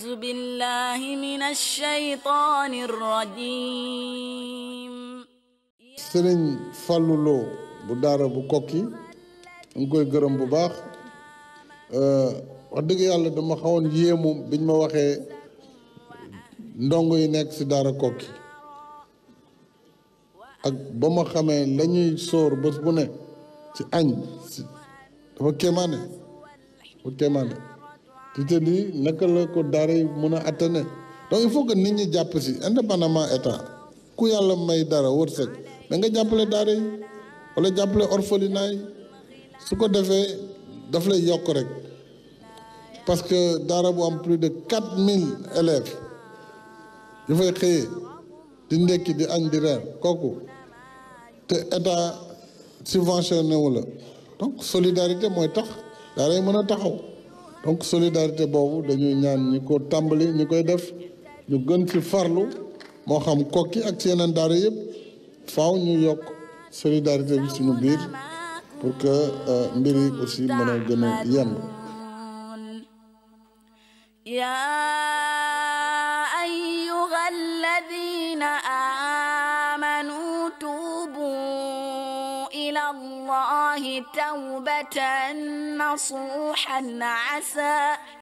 أعوذ بالله من الشيطان الرجيم sëriñ Fallou bu daara bu kokki ñu koy gërëm bu baax wax dëgg yàlla dama xawoon yéemu biñ ma waxee ndongo yi nekk ci daara kokki ak ba ma xamee lañuy ñuy sóor bés bu ne ci añ dafa kéemaane dafa kéemaane tu te dis la ko daara yi mën a attane donc il faut que nit ñi jàpp si indépendamment état ku yàlla may dara wërsëg da nga jàppale daara yi wala jàppale orphelinat yi su ko defee daf lay yokk rek parce que daara bu am plus de quatre mille élèves yu fay xëyee di ndekki di añ di reer kooku te état subventionné wu la donc solidarité mooy tax daara yi mën a taxaw donc solidarité boobu dañuy ñaan ñi ko tàmbali ñi koy def ñu gën ci farlu moo xam kokki ak ci yeneen daara yëpp faaw ñu yokk solidarité bi suñu biir pour que euh, mbir yi aussi mën a gën a yemb يا أيها إلى الله توبة نصوحا عسى